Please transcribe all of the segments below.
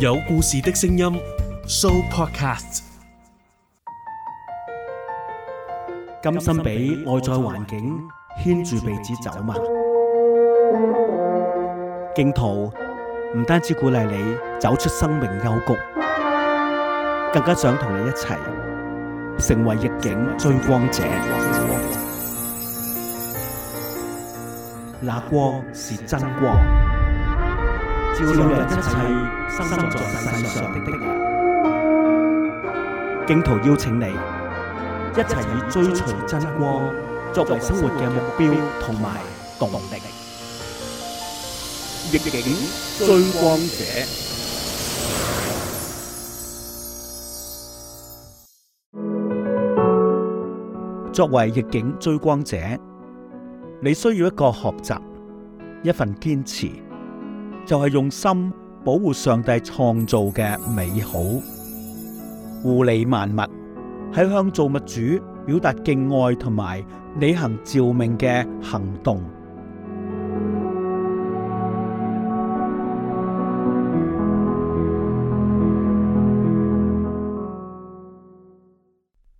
有故事的聲音，Show Podcast。甘心俾外在環境牽住鼻子走嘛？荊徒唔單止鼓勵你走出生命幽谷，更加想同你一齊成為逆境追光者。那光是真光，照亮一切。身在世上的的人，荊徒邀請你一齊以追隨真光作為生活嘅目標同埋動力。逆境追光者，作為逆境追光者，你需要一個學習，一份堅持，就係用心。保護上帝創造嘅美好，護理萬物，係向造物主表達敬愛同埋履行召命嘅行動。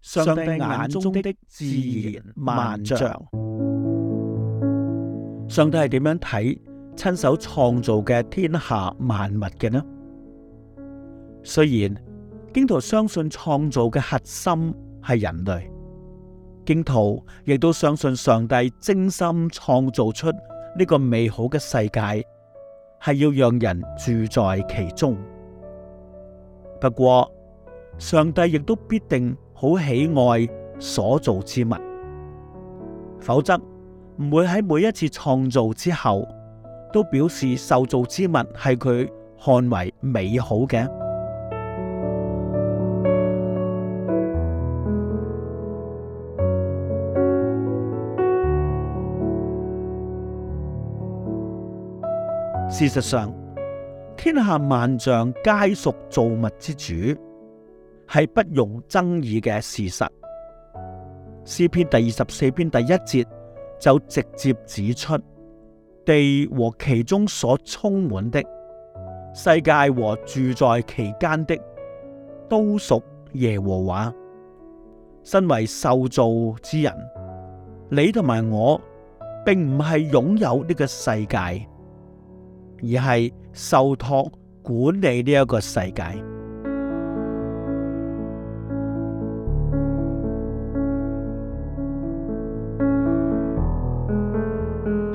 上帝眼中的自然，的自然萬象，上帝係點樣睇？親手創造嘅天下萬物嘅呢？雖然荊徒相信創造嘅核心係人類，荊徒亦都相信上帝精心創造出呢個美好嘅世界，係要讓人住在其中。不過，上帝亦都必定好喜愛所造之物，否則唔會喺每一次創造之後，都表示受造之物係佢看為美好嘅。事實上，天下萬象皆屬造物之主，係不容爭議嘅事實。詩篇第二十四篇第一節就直接指出。地和其中所充滿的，世界和住在其間的，都屬耶和華。身為受造之人，你同埋我，並唔係擁有呢個世界，而係受託管理呢一個世界。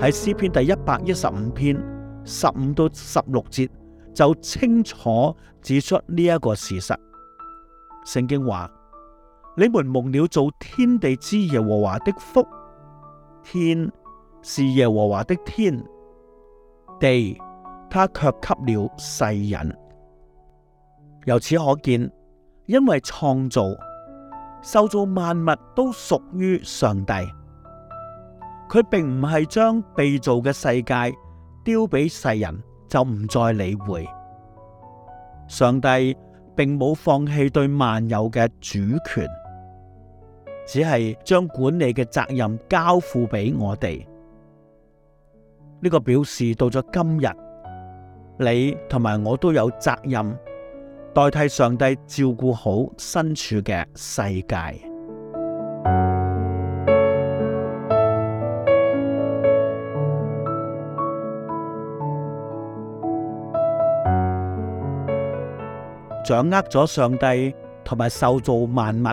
喺詩篇第一百一十五篇十五到十六節就清楚指出呢一個事實。聖經話：你們蒙了造天地之耶和華的福，天是耶和華的天，地他卻給了世人。由此可見，因為創造、受造萬物都屬於上帝。佢並唔係將被造嘅世界丟俾世人就唔再理會，上帝並冇放棄對萬有嘅主權，只係將管理嘅責任交付俾我哋。呢個表示到咗今日，你同埋我都有責任代替上帝照顧好身處嘅世界。掌握咗上帝同埋受造萬物，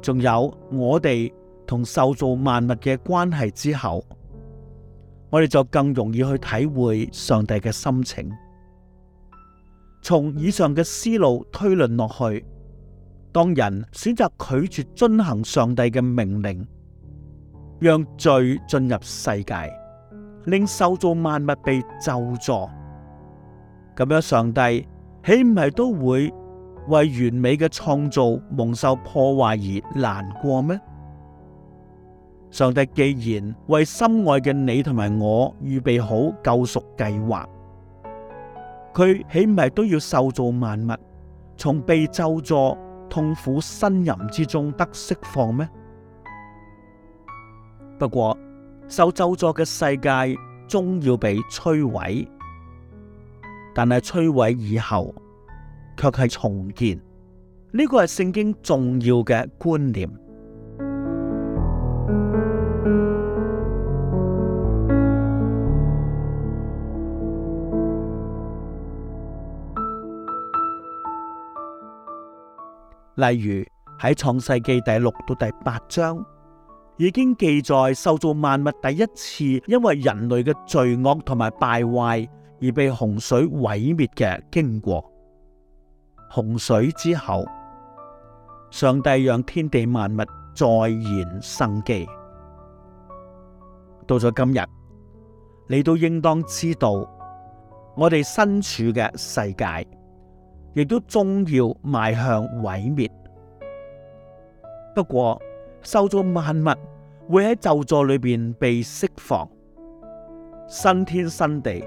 仲有我哋同受造萬物嘅關係之後，我哋就更容易去體會上帝嘅心情。從以上嘅思路推論落去，當人選擇拒絕遵行上帝嘅命令，讓罪進入世界，令受造萬物被咒詛，咁樣上帝，豈唔係都會為完美嘅創造蒙受破壞而難過咩？上帝既然為心愛嘅你同埋我預備好救贖計劃，佢豈唔係都要受造萬物從被咒詛痛苦呻吟之中得釋放咩？不過受咒詛嘅世界終要被摧毀。但係摧毀以後，卻係重建。呢個係聖經重要嘅觀念。例如喺創世記第六到第八章，已經記載受造萬物第一次因為人類嘅罪惡同埋敗壞。而被洪水毀滅嘅經過，洪水之後，上帝讓天地萬物再現生機。到咗今日，你都應當知道，我哋身處嘅世界亦都終要邁向毀滅。不過，受造萬物會喺咒詛裏邊被釋放，新天新地。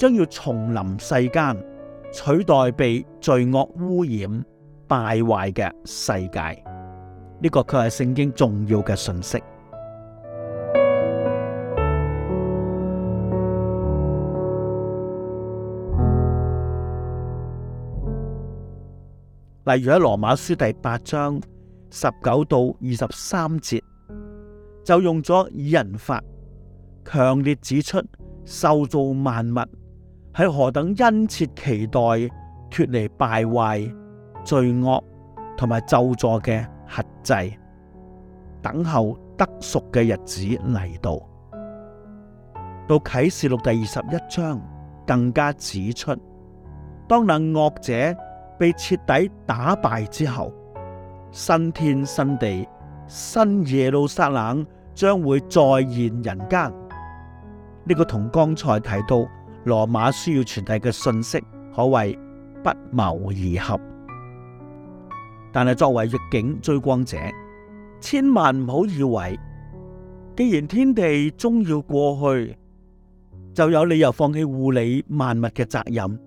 將要重臨世間，取代被罪惡污染敗壞嘅世界。呢、這個確係聖經重要嘅信息。例如喺羅馬書第八章十九到二十三節，就用咗擬人法，強烈指出受造萬物。喺何等殷切期待脫離敗壞罪惡同埋咒詛嘅轄制，等候得贖嘅日子嚟到。到啟示錄第二十一章，更加指出，當那惡者被徹底打敗之後，新天新地、新耶路撒冷將會再現人間。呢個同剛才提到，羅馬需要傳遞嘅信息，可謂不謀而合。但係作為逆境追光者，千萬唔好以為，既然天地終要過去，就有理由放棄護理萬物嘅責任。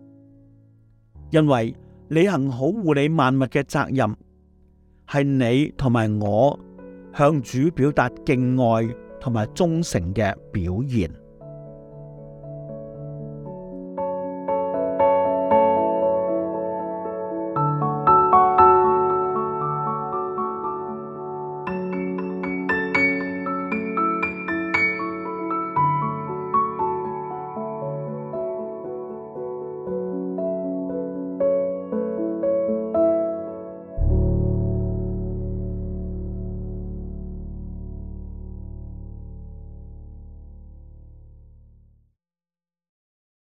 因為履行好護理萬物嘅責任，係你同埋我向主表達敬愛同埋忠誠嘅表現。